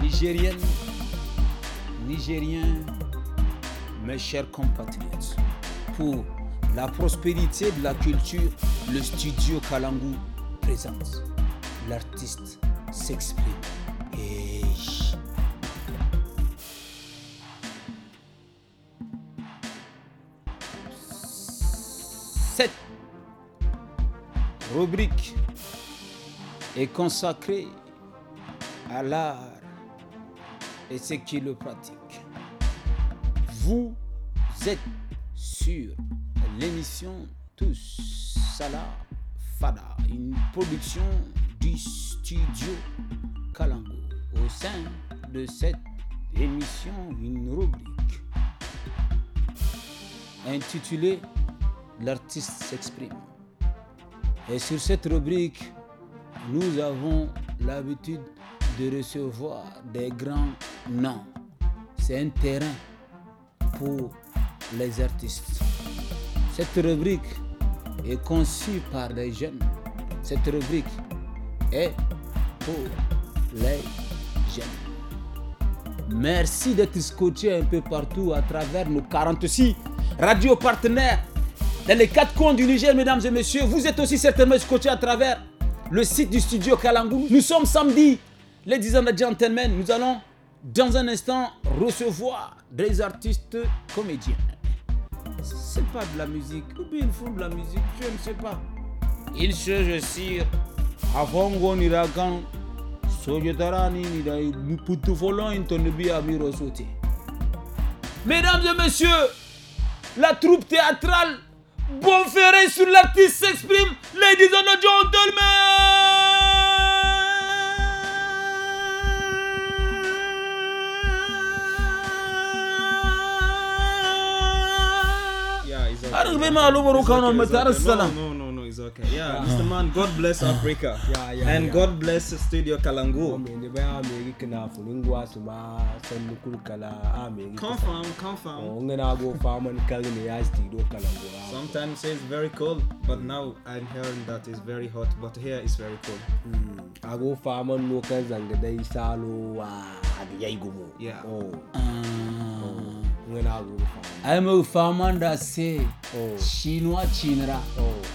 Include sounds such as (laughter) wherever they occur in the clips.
Nigérienne, Nigérien, mes chers compatriotes, pour la prospérité de la culture, le studio Kalangu présente. L'artiste s'exprime. Et Cette rubrique est consacrée à l'art et ceux qui le pratiquent. Vous êtes sur l'émission Tous Fada, une production du studio Kalango. Au sein de cette émission, une rubrique intitulée l'artiste s'exprime. Et sur cette rubrique, nous avons l'habitude de recevoir des grands noms. C'est un terrain pour les artistes. Cette rubrique est conçue par les jeunes. Cette rubrique est pour les jeunes. Merci d'être scotché un peu partout à travers nos 46 radios partenaires dans les quatre coins du Niger, mesdames et messieurs. Vous êtes aussi certainement scotchés à travers le site du studio Kalangou. Nous sommes samedi, ladies and gentlemen. Nous allons, dans un instant, recevoir des artistes comédiens. C'est pas de la musique, ou bien ils font de la musique, je ne sais pas. Il se, je Mesdames et messieurs, la troupe théâtrale Bon Bonferré sur l'artiste s'exprime, ladies and gentlemen! Har bai ma alubaru kanon mata, har salam is okay. Yeah, yeah. Mr. Man, God bless Africa. Yeah, yeah. And yeah. God bless Studio Kalangu. Confirm, confirm. Sometimes it's very cold, but mm. now I'm hearing that it's very hot, but here it's very cold. I mm. go farming no kan zangadai salo wa adiyai gumo. Yeah. Oh. Ah. oh. When I go I'm a farmer that say, oh. Chinwa chinra. Oh.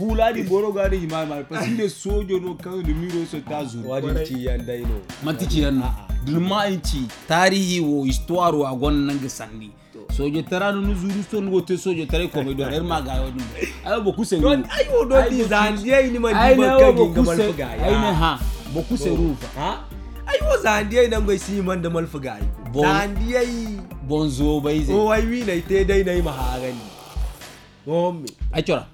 fulani boro gani hima mar pasinde sojo no kan de miro se ta zuru wadi ci yanda ino mati ci yanda ah, ah. dulma inci tarihi wo histoire wo agon nang sandi sojo tara no zuru son wo te sojo tare ko me do er ma ga wadi ay bo kusen don ay wo do di zandie ni ma di ma kan ga mal fuga ay ne ah. ha bo kusen oh. rufa ha ay wo zandie nan go si man da mal fuga ay zandie bonzo bai zai o oh, ay wi na te dai na yi mahagani Homem. Aí, tchau.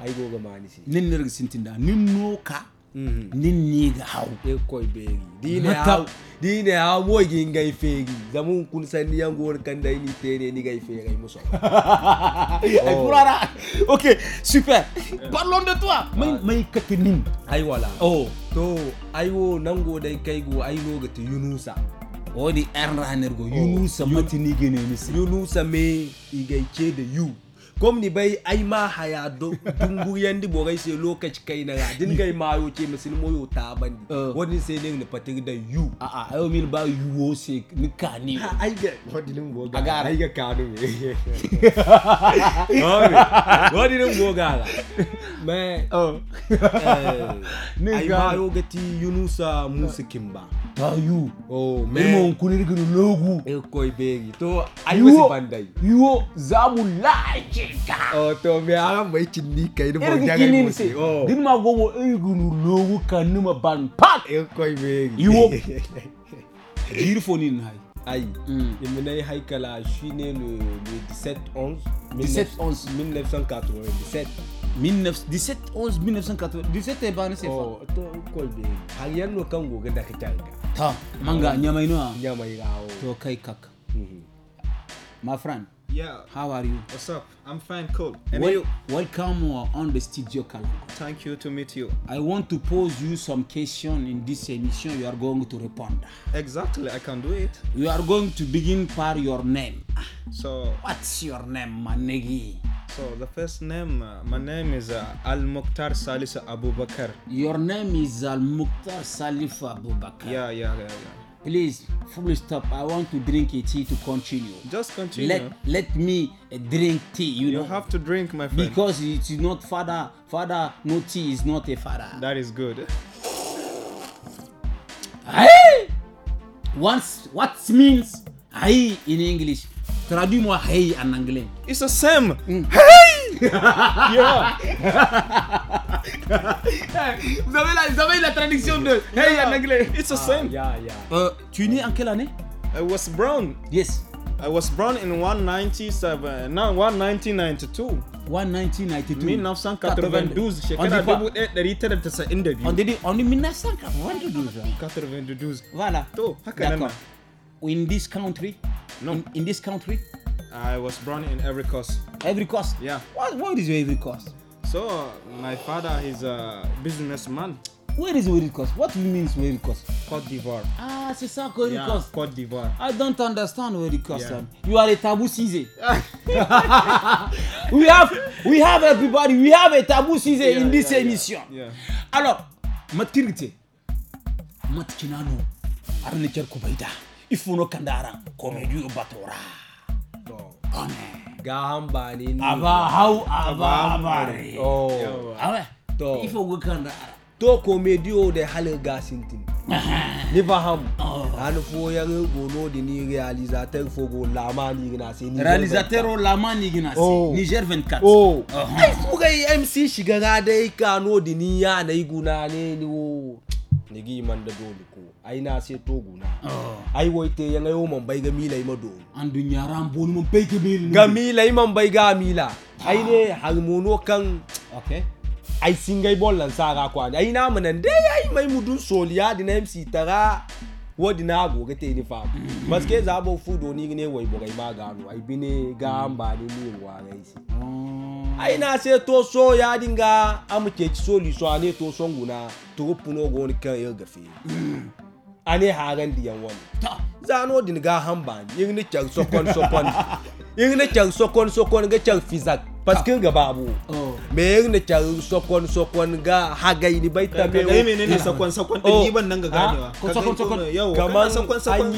ay go ga mani si nin nirga sintinda nin noka mhm. nin ni ga haw e koy beri dine haw dine haw mo gi ngai fegi zamun kun sandi yango wor kanda ni tere ni gai fegi ay muso ay (laughs) kurara oh. ok super eh. parlons de toi mai ah. mai katinin ay wala oh to ay wo nango dai kai go ay no ga yunusa wodi erraner go oh. yunusa matini gene ni yunusa me igaice da you kom ni bai ai ma haya dungu yandi borai sai lokaci kai na ga din gai mayo ke musulmi moyo ta bandi eh. wani sai ne ni fatir da yu a a ayo mil ba yu o se ni ka ni ai ga wani nin boga ga ai ga ka dun wani nin boga ga me oh eh, (laughs) ni ga yo gati yunusa musikin ba are you? Oh man. Imo kuni rigu logu. El koi begi. To ai wasi bandai. Yo zamu like ka. Oh to me ara mai chinni kai no bogja ga mo se. Oh. Din ma go mo logu kanuma ban pat. El koi begi. Yo. Jiri (laughs) foni mm. nai. Aïe. Mm. Et maintenant, Haïkala, je suis né le, 17 11 19, 17 11 1997. 1917 ebane sefa oh, to kolbe hanyanno kango ga daka tanga ta manga ah, ah? oh. nyamai no nyamai gawo to kai kaka mm -hmm. my friend Yeah. How are you? What's up? I'm fine, cool. And well, you? Welcome uh, on the studio, Kalango. Thank you to meet you. I want to pose you some question in this emission. You are going to respond. Exactly, I can do it. You are going to begin by your name. So. What's your name, Manegi? So the first name, uh, my name is uh, Al Mukhtar Salif Abu Bakr. Your name is Al Mukhtar Salif Abu Bakr. Yeah, yeah, yeah, yeah. Please, full stop. I want to drink a tea to continue. Just continue. Let let me uh, drink tea. You, you know? have to drink, my friend. Because it's not father. Father, no tea is not a father. That is good. Hey, once what means I in English Traduis-moi hey en anglais. It's the same. Mm. Hey! (laughs) yeah. vous, avez la, la, traduction de hey en anglais. It's the même same. Ah, yeah, euh, tu es né en quelle année? I was born. Yes. I was born in 197, non, 1992. 1992. 1992. 1992. On dit, on dit 1992. 1992. Hein. Voilà. D'accord. In this country, No. In, this country? I was born in every cost. Every cost? Yeah. What, what is your every cost? So, my father is a businessman. Where is Ivory Coast? What means you mean Ivory Côte d'Ivoire. Ah, c'est ça, Ivory Côte d'Ivoire. I don't understand Ivory Coast. Yeah. You are a taboo CZ. (laughs) we have, we have everybody. We have a taboo CZ in this émission. Alors, matkirite, matkinano, arne ifuno comme du batora no. amen gahamba ni aba how aba abare oh awe to faut go kandara to komedi o de hale gasintin uh-huh. ni faham oh. an fo yang gono de ni réalisateur fo go lama ni gina se ni réalisateur o gina oh. Niger 24 oh uh-huh. ai su MC Shigara de dai kano de ni ya na iguna ne ni o ni gi man da dole aina se togu na oh. ai woite yanga yo mon bai ga mila ima do andu nyaram bonu mon bai ga mila ga mila ima bai ga mila ah. ai ne harmono kan okay ai singai bol lan sara kwa ai na manan dai ai soliya di na MC wodi na go ga mm. maske za bo fu do ni ne wai bo ga ai bine ga amba mm. ni ni wa ga isi oh. ai na se to so ci soli so ane to nguna to puno go ni kan e ane hagan wani zano din ga yin sokon sokon yin sokon sokon ga fizak na caru sokon sokon ga hagai ini baita me ne ne ne sokon sokon din ban nan ga ganewa ko sokon sokon gaman sokon sokon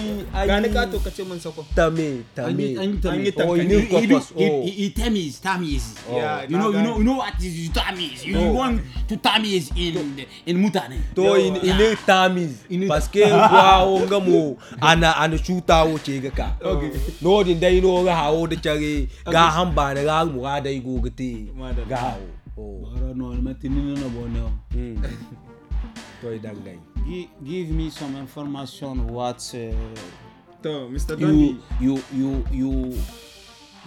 gani ka to kace mun sokon tame tame an yi tame ni kokos it tamis tamis oh. ya, you know you know you know what is tamis you oh. want to tamis in in mutane to in in tamis parce que (laughs) wa onga mo ana ana chuta wo chega ka no din dai no ga hawo da chare ga hamba da ga mu ga dai gogate ga hawo Oh. Hmm. (laughs) Give me some information. What? Uh, Mr. You, you, you,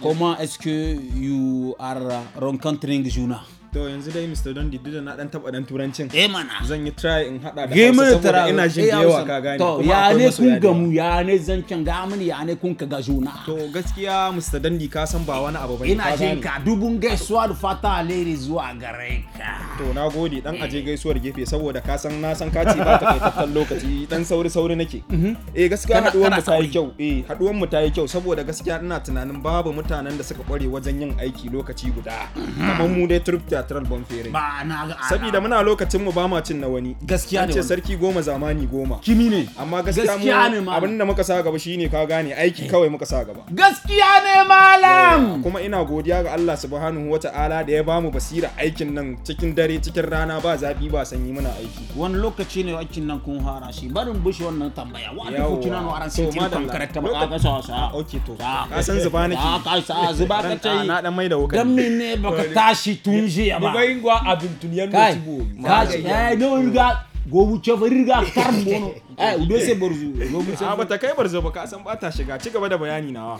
Comment est-ce que you are uh, rencontré Juna? To yanzu dai Mr. Dondi duk da na dan taba dan turancin. Eh mana. Zan yi try in hada eh, da Hausa saboda ina jin yawa ka gane. To ya ne kun mu ya ne zancen ga mini ya ne kun ka ga juna. To gaskiya Mr. Dondi ka san ba wani abu bane. Ina jin ka dubun gaisuwa da fata alheri zuwa gare ka. To na gode dan aje eh. gaisuwar gefe saboda ka san na san kaci ba ta kaitaccen (laughs) lokaci dan sauri sauri nake. Mhm. Eh gaskiya haduwar mu ta yi kyau. Eh haduwar mu ta yi kyau saboda gaskiya ina tunanin babu mutanen da suka kware wajen yin aiki lokaci guda. Mhm. Kamar mu dai trip lateral bomb fairing ba na ga ala. Sabida muna lokacin mu ba ma cin na wani gaskiya ne ce sarki goma zamani goma kimi ne amma gaskiya mu abin da muka sa gaba shine ka gane aiki kawai muka sa gaba gaskiya ne malam kuma ina godiya ga Allah subhanahu wata'ala da ya bamu basira aikin nan cikin dare cikin rana ba zafi ba sanyi muna aiki wani lokaci ne aikin nan kun fara shi barin bushe wannan tambaya wa ta kina nan aran sai tin kankarta ba ka sa sa okay to ka san zuba nake ka sa zuba (laughs) ka tai na dan mai da wuka dan ne baka tashi tun jiya ma ni ngwa abintun yan no tibo ka eh no riga gobu cefa riga karin bono eh udo sai barzu gobu cefa ba ta kai barzo ba ka san ba ta shiga ci gaba da bayani nawa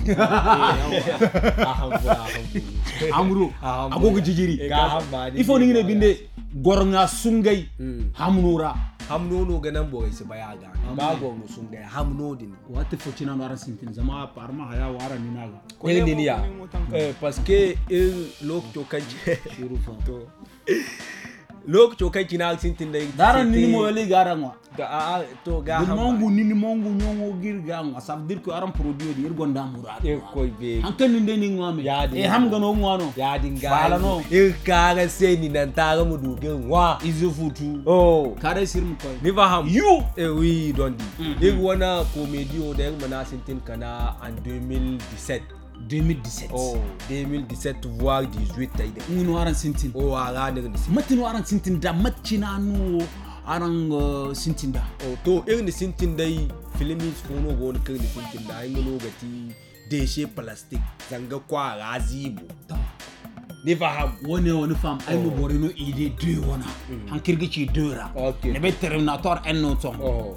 amuro agogo jijiri ifo ni ne binde gorna sungai hamnura hamnono ganan boyisi bayaga bago musunga hamnodin wati na mara sintin zama parma haya wara ninaga ne niniya eh, parce que il lokto kanje (laughs) to loku choka china sintinde dara nini mo yali gara ngwa ga a ah, a ah, to ga ha mongu nini mongu nyongo gir ga ngwa sab dir ko aram produit dir go nda mura e eh, koy be hanke ninde ni ngwa me e ham gano ngwa no ya din ga fala no e eh, ka ga se ni nan ta ga mu du ge ngwa izu futu oh kare sir mu koy never ham you e we don di mm-hmm. e wona comedy o de mana sintin kana an 2017 2017 oh 2017 voire 18 ayde ngunu aran sintin o de degni matinu aran sintin da matcinanu aran euh, sintin da Oh, to irni sintin dai filimi fono go kirni sintin da ngunu gati deshe plastic zanga kwa razibu ni faham wone woni fam ay oh. mo borino ide deux wona mm. han kirgi ci deux ra ne be terminator en non tom oh.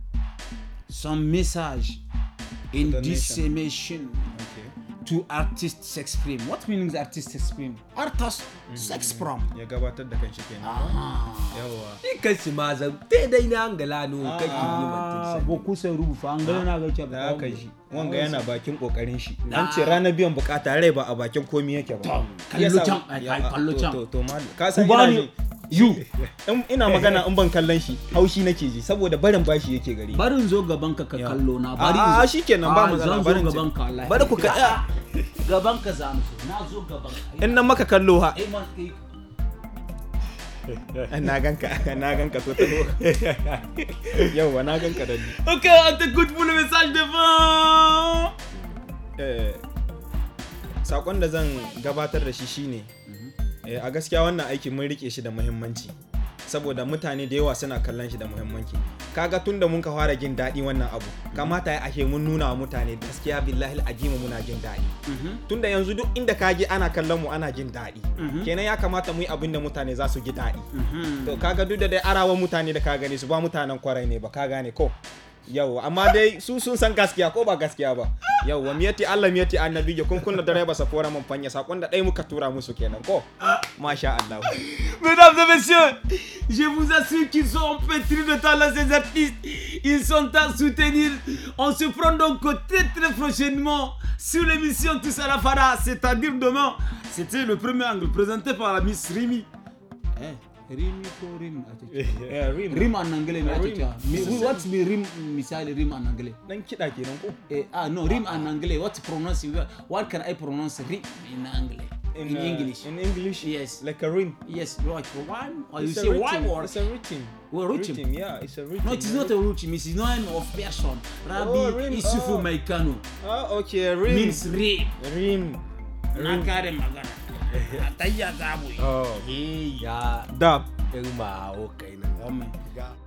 some message in dissemination okay. to artists exprime what means artists exprime artists sex from ya gabatar da kanshi kenan yawa kai su ma zan te dai na angala no kake yi mutum ba ku sai an angala na ga ce ba kai shi wanga yana bakin kokarin shi an ce ranar biyan bukata rai ba a bakin komai yake ba kallo can kallo can to to ka san ina yu (laughs) ina magana in ban kallon shi haushi nake ji saboda barin bashi yake gari barin zo gaban ka ka kallo na bari a kenan ba mu zan zo gaban ka wallahi bari ku ka (laughs) gaban ka za mu na zo gaban ka in nan maka kallo ha eh, eh. (laughs) na ganka na ganka so ta yauwa na ganka da ni ok at the good pour message de eh sakon da zan gabatar da shi shine Eh, a gaskiya wannan aiki mun rike shi da muhimmanci saboda mutane da yawa suna kallon shi da muhimmanci kaga tun da mun ka fara jin daɗi wannan abu kamata ya ashe mun nuna wa mutane gaskiya billahi Al-ajima muna jin daɗi mhm. tun da yanzu duk inda ka je ana kallon mu ana jin daɗi mhm. kenan ya kamata mu yi abin da mutane za su ji daɗi mhm. to kaga duk da dai arawa mutane da ka gani su ba mutanen kwarai ne ba ka gane ko yau amma dai su sun san gaskiya ko ba gaskiya ba allah sa masha allah mesdames et messieurs je vous assure qu'ils sont empêtrés de talent ces artistes ils sont à soutenir on se prend donc très très prochainement sur l'émission tous à la fara c'est à dire demain c'était le premier angle présenté par la miss Rimi hein? rim ko rim (laughs) what's be rim misali rim anangale dan kida eh, ah, no rim anangale what pronounce what can i pronounce rim in angle in, in uh, English. In English, yes. Like a rim. Yes, like One Or you say one word? it's a rhythm. Well, rhythm. Yeah, it's a rhythm. No, it is not a rhythm. It's known of person. Rabbi oh, rim. Isufu oh. Maikano. Oh, okay, rim. Means rim. Rim. rim. Nakare magana. Hasta ya da, güey. Oh. ya. Da. el no